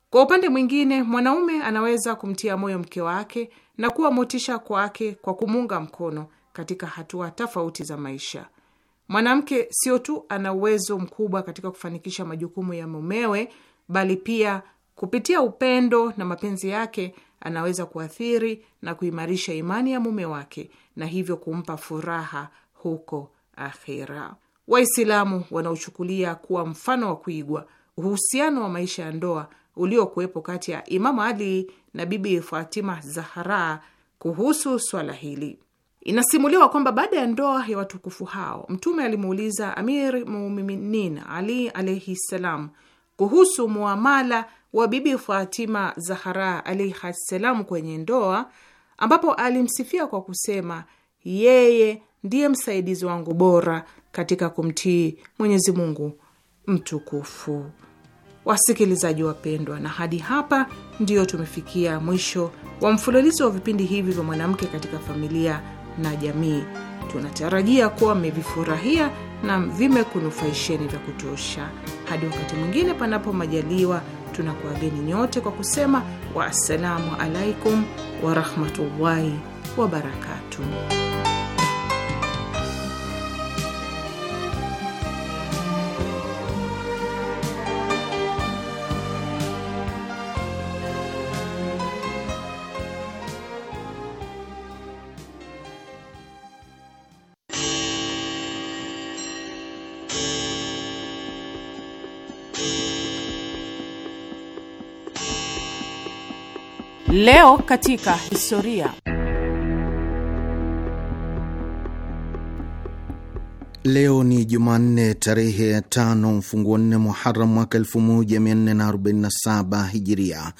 Kwa upande mwingine, mwanaume anaweza kumtia moyo mke wake na kuwa motisha kwake kwa kumunga mkono katika hatua tofauti za maisha. Mwanamke sio tu ana uwezo mkubwa katika kufanikisha majukumu ya mumewe, bali pia kupitia upendo na mapenzi yake anaweza kuathiri na kuimarisha imani ya mume wake na hivyo kumpa furaha huko akhira. Waislamu wanaochukulia kuwa mfano wa kuigwa uhusiano wa maisha ya ndoa uliokuwepo kati ya Imamu Ali na Bibi Fatima Zahara. Kuhusu swala hili, inasimuliwa kwamba baada ya ndoa ya watukufu hao, Mtume alimuuliza Amir Muminin Ali alaihi ssalam kuhusu muamala wa Bibi Fatima Zahara alaihi ssalam kwenye ndoa, ambapo alimsifia kwa kusema yeye ndiye msaidizi wangu bora katika kumtii Mwenyezi Mungu mtukufu. Wasikilizaji wapendwa, na hadi hapa ndiyo tumefikia mwisho wa mfululizo wa vipindi hivi vya mwanamke katika familia na jamii. Tunatarajia kuwa mmevifurahia na vimekunufaisheni vya kutosha. Hadi wakati mwingine, panapo majaliwa, tunakuageni nyote kwa kusema waassalamu alaikum warahmatullahi wabarakatuh. Leo katika historia.
Leo ni Jumanne tarehe ya tano mfunguo nne Muharam mwaka 1447 Hijiria,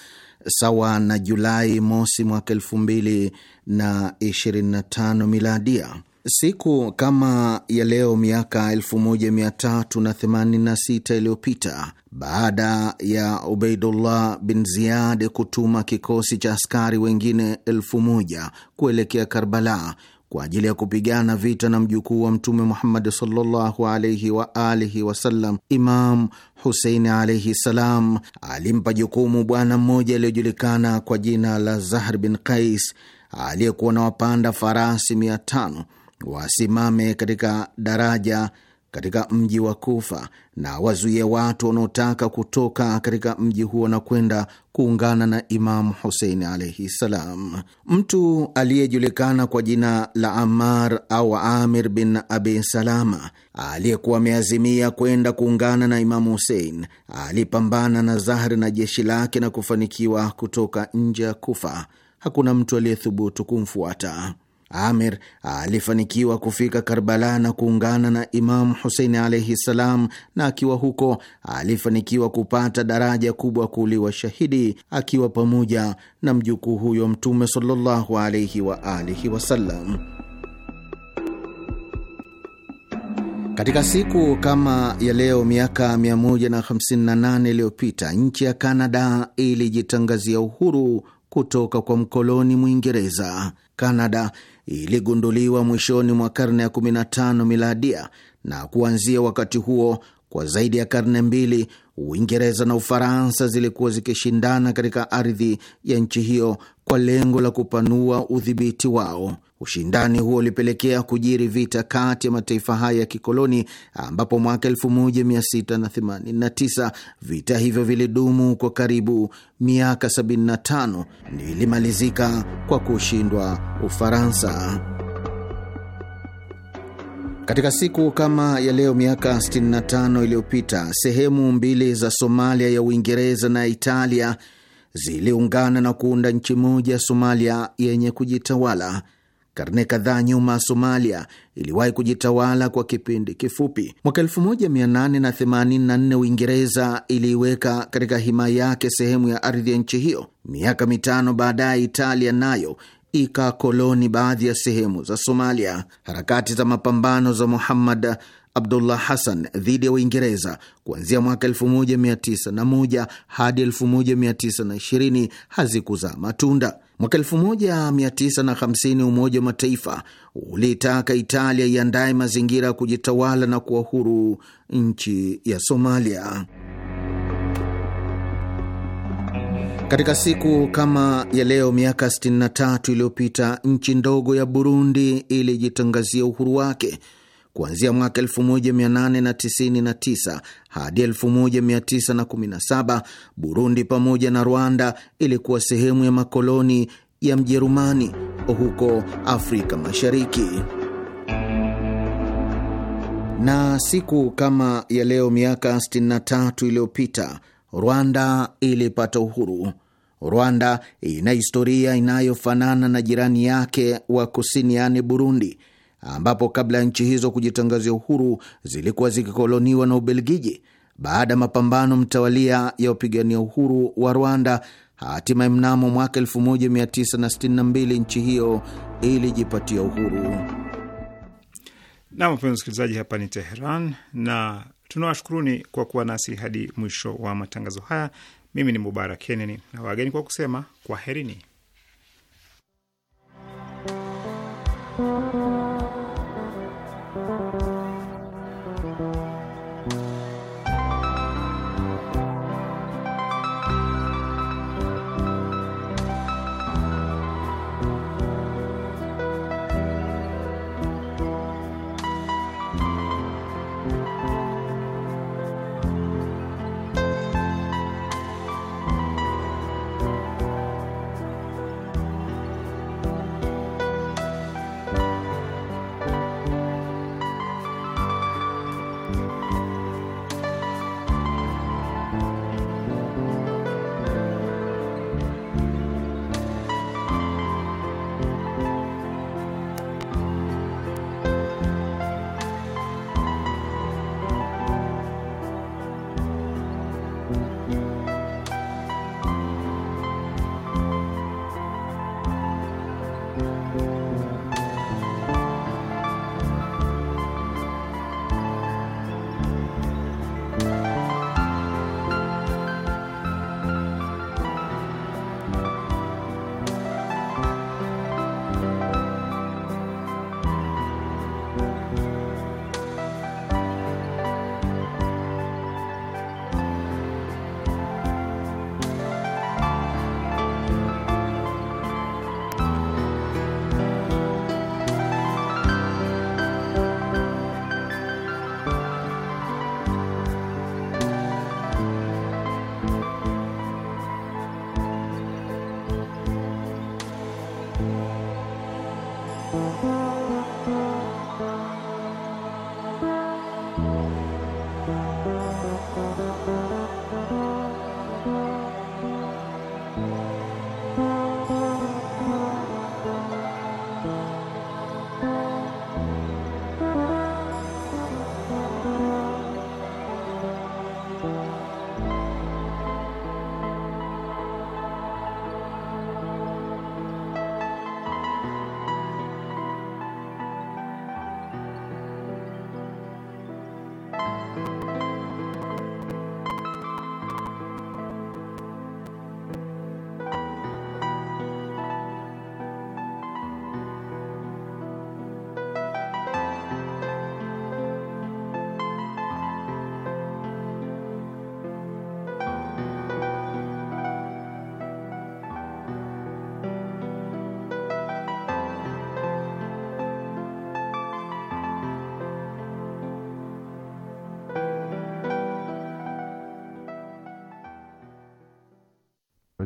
sawa na Julai mosi mwaka 2025 Miladia. Siku kama ya leo miaka 1386 iliyopita, baada ya Ubeidullah bin Ziyad kutuma kikosi cha askari wengine elfu moja kuelekea Karbala kwa ajili ya kupigana vita na mjukuu wa Mtume Muhammad sallallahu alaihi wa alihi wasallam, Imam Husein alaihi salam alimpa jukumu bwana mmoja aliyojulikana kwa jina la Zahr bin Qais aliyekuwa na wapanda farasi mia tano wasimame katika daraja katika mji wa Kufa na wazuie watu wanaotaka kutoka katika mji huo na kwenda kuungana na Imamu Husein alaihi ssalam. Mtu aliyejulikana kwa jina la Amar au Amir bin Abi Salama aliyekuwa ameazimia kwenda kuungana na Imamu Husein alipambana na Zahri na jeshi lake na kufanikiwa kutoka nje ya Kufa. Hakuna mtu aliyethubutu kumfuata. Amir alifanikiwa kufika Karbala na kuungana na Imamu Husein alaihi ssalam, na akiwa huko alifanikiwa kupata daraja kubwa kuuliwa shahidi akiwa pamoja na mjukuu huyo Mtume sallallahu alaihi alihi wasallam. Katika siku kama ya leo miaka 158 iliyopita nchi ya Kanada ilijitangazia uhuru kutoka kwa mkoloni Mwingereza. Kanada iligunduliwa mwishoni mwa karne ya 15 miladia, na kuanzia wakati huo kwa zaidi ya karne mbili Uingereza na Ufaransa zilikuwa zikishindana katika ardhi ya nchi hiyo kwa lengo la kupanua udhibiti wao. Ushindani huo ulipelekea kujiri vita kati ya mataifa haya ya kikoloni, ambapo mwaka 1689 vita hivyo vilidumu kwa karibu miaka 75 nilimalizika kwa kushindwa Ufaransa. Katika siku kama ya leo miaka 65 iliyopita sehemu mbili za Somalia ya Uingereza na Italia ziliungana na kuunda nchi moja Somalia yenye kujitawala. Karne kadhaa nyuma, Somalia iliwahi kujitawala kwa kipindi kifupi. Mwaka 1884 Uingereza iliiweka katika himaya yake sehemu ya ardhi ya nchi hiyo. Miaka mitano baadaye, Italia nayo ikakoloni baadhi ya sehemu za Somalia. Harakati za mapambano za Muhammad Abdullah Hassan dhidi ya Uingereza kuanzia mwaka 1901 hadi 1920 hazikuzaa matunda. Mwaka 1950 Umoja wa Mataifa uliitaka Italia iandaye mazingira ya kujitawala na kuwa huru nchi ya Somalia. Katika siku kama ya leo miaka 63 iliyopita nchi ndogo ya Burundi ilijitangazia uhuru wake kuanzia mwaka 1899 hadi 1917. Burundi pamoja na Rwanda ilikuwa sehemu ya makoloni ya Mjerumani huko Afrika Mashariki. Na siku kama ya leo miaka 63 iliyopita Rwanda ilipata uhuru. Rwanda ina historia inayofanana na jirani yake wa kusini, yaani Burundi ambapo kabla ya nchi hizo kujitangazia uhuru zilikuwa zikikoloniwa na Ubelgiji. Baada ya mapambano mtawalia ya wapigania uhuru wa Rwanda, hatimaye mnamo mwaka 1962 nchi hiyo ilijipatia uhuru.
Nam wapenzi msikilizaji, hapa ni Teheran na tunawashukuruni kwa kuwa nasi hadi mwisho wa matangazo haya. Mimi ni Mubarak Keneni na wageni kwa kusema kwaherini.